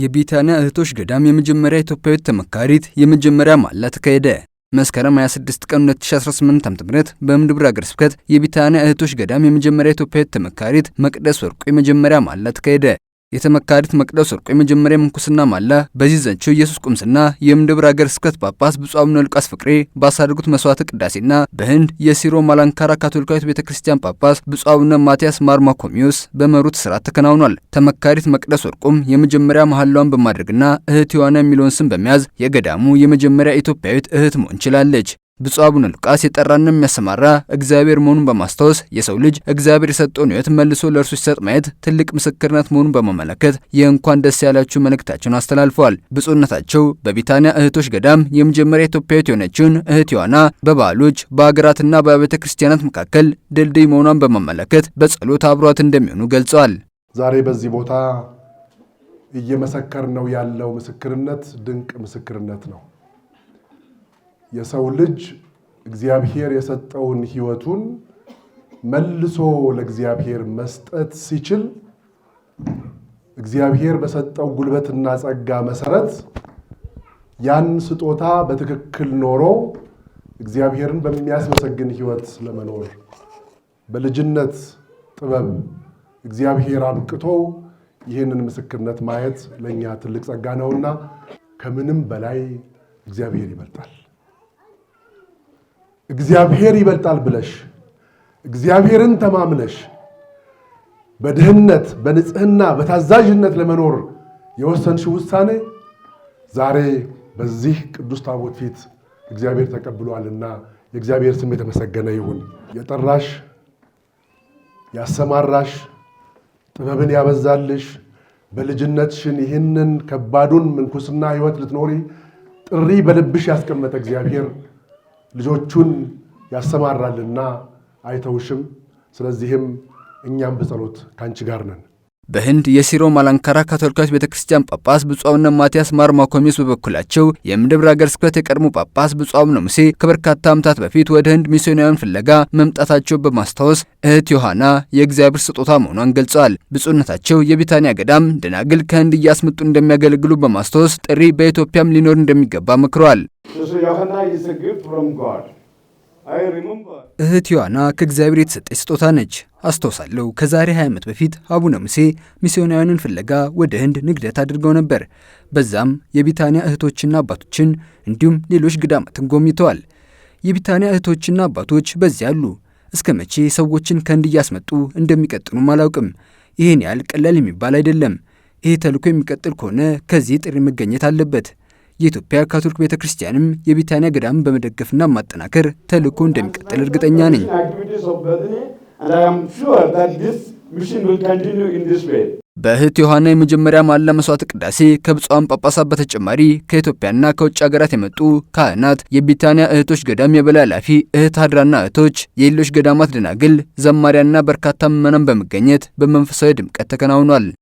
የቢታንያ እህቶች ገዳም የመጀመሪያ ኢትዮጵያዊት ተመካሪት የመጀመሪያ ማላ ተካሄደ። መስከረም 26 ቀን 2018 ዓ.ም በምድብር አገር ስብከት የቢታንያ እህቶች ገዳም የመጀመሪያ ኢትዮጵያዊት ተመካሪት መቅደስ ወርቁ የመጀመሪያ ማላ ተካሄደ። የተመካሪት መቅደስ ወርቆ የመጀመሪያ ምንኩስና ማላ በዚህ ዘንቸው ኢየሱስ ቁምስና የእምድብር ሀገረ ስብከት ጳጳስ ብፁዕ አቡነ ሉቃስ ፍቅሬ ባሳደጉት መስዋዕተ ቅዳሴና በህንድ የሲሮ ማላንካራ ካቶሊካዊት ቤተ ክርስቲያን ጳጳስ ብፁዕ አቡነ ማቲያስ ማርማኮሚዮስ በመሩት ስርዓት ተከናውኗል። ተመካሪት መቅደስ ወርቁም የመጀመሪያ መሐላዋን በማድረግና እህት ዮሐና የሚለውን ስም በመያዝ የገዳሙ የመጀመሪያ ኢትዮጵያዊት እህት መሆን ችላለች። ብፁዕ አቡነ ሉቃስ የጠራና የሚያሰማራ እግዚአብሔር መሆኑን በማስታወስ የሰው ልጅ እግዚአብሔር የሰጠውን ሕይወት መልሶ ለእርሱ ሲሰጥ ማየት ትልቅ ምስክርነት መሆኑን በማመለከት የእንኳን ደስ ያላችሁ መልእክታቸውን አስተላልፈዋል። ብፁዕነታቸው በቢታንያ እህቶች ገዳም የመጀመሪያ ኢትዮጵያዊት የሆነችውን እህት ዮሐና በበዓሎች በአገራትና በቤተ ክርስቲያናት መካከል ድልድይ መሆኗን በማመለከት በጸሎት አብሯት እንደሚሆኑ ገልጸዋል። ዛሬ በዚህ ቦታ እየመሰከር ነው ያለው ምስክርነት ድንቅ ምስክርነት ነው። የሰው ልጅ እግዚአብሔር የሰጠውን ሕይወቱን መልሶ ለእግዚአብሔር መስጠት ሲችል እግዚአብሔር በሰጠው ጉልበትና ጸጋ መሰረት ያን ስጦታ በትክክል ኖሮ እግዚአብሔርን በሚያስመሰግን ሕይወት ለመኖር በልጅነት ጥበብ እግዚአብሔር አብቅቶ ይህንን ምስክርነት ማየት ለእኛ ትልቅ ጸጋ ነውና ከምንም በላይ እግዚአብሔር ይበልጣል። እግዚአብሔር ይበልጣል ብለሽ እግዚአብሔርን ተማምነሽ በድህነት በንጽህና በታዛዥነት ለመኖር የወሰንሽ ውሳኔ ዛሬ በዚህ ቅዱስ ታቦት ፊት እግዚአብሔር ተቀብሏልና የእግዚአብሔር ስም የተመሰገነ ይሁን። የጠራሽ ያሰማራሽ ጥበብን ያበዛልሽ በልጅነትሽን ይህንን ከባዱን ምንኩስና ሕይወት ልትኖሪ ጥሪ በልብሽ ያስቀመጠ እግዚአብሔር ልጆቹን ያሰማራልና አይተውሽም። ስለዚህም እኛም በጸሎት ከአንቺ ጋር ነን። በህንድ የሲሮ ማላንካራ ካቶሊካዊት ቤተ ክርስቲያን ጳጳስ ብፁዕ አቡነ ማትያስ ማር ማኮሚስ በበኩላቸው የምድብር አገር ስብከት የቀድሞ ጳጳስ ብፁዕ አቡነ ሙሴ ከበርካታ ዓመታት በፊት ወደ ህንድ ሚስዮናውያን ፍለጋ መምጣታቸው በማስታወስ እህት ዮሐና የእግዚአብሔር ስጦታ መሆኗን ገልጸዋል። ብፁዕነታቸው የቢታንያ ገዳም ደናግል ከህንድ እያስመጡ እንደሚያገለግሉ በማስታወስ ጥሪ በኢትዮጵያም ሊኖር እንደሚገባ መክረዋል። እህት ዮሐና ከእግዚአብሔር የተሰጠች ስጦታ ነች። አስታውሳለሁ ከዛሬ 20 ዓመት በፊት አቡነ ሙሴ ሚስዮናውያንን ፍለጋ ወደ ህንድ ንግደት አድርገው ነበር። በዛም የቢታንያ እህቶችና አባቶችን እንዲሁም ሌሎች ገዳማትን ጎብኝተዋል። የቢታንያ እህቶችና አባቶች በዚህ አሉ። እስከ መቼ ሰዎችን ከህንድ እያስመጡ እንደሚቀጥሉም አላውቅም። ይህን ያህል ቀላል የሚባል አይደለም። ይህ ተልእኮ የሚቀጥል ከሆነ ከዚህ ጥሪ መገኘት አለበት። የኢትዮጵያ ካቶሊክ ቤተ ክርስቲያንም የቢታንያ ገዳም በመደገፍና ማጠናከር ተልኮ እንደሚቀጥል እርግጠኛ ነኝ። በእህት ዮሐና የመጀመሪያ ማላ መስዋዕት ቅዳሴ ከብፁዓን ጳጳሳት በተጨማሪ ከኢትዮጵያና ከውጭ ሀገራት የመጡ ካህናት፣ የቢታንያ እህቶች ገዳም የበላይ ኃላፊ እህት አድራና እህቶች፣ የሌሎች ገዳማት ደናግል፣ ዘማሪያና በርካታ ምዕመናን በመገኘት በመንፈሳዊ ድምቀት ተከናውኗል።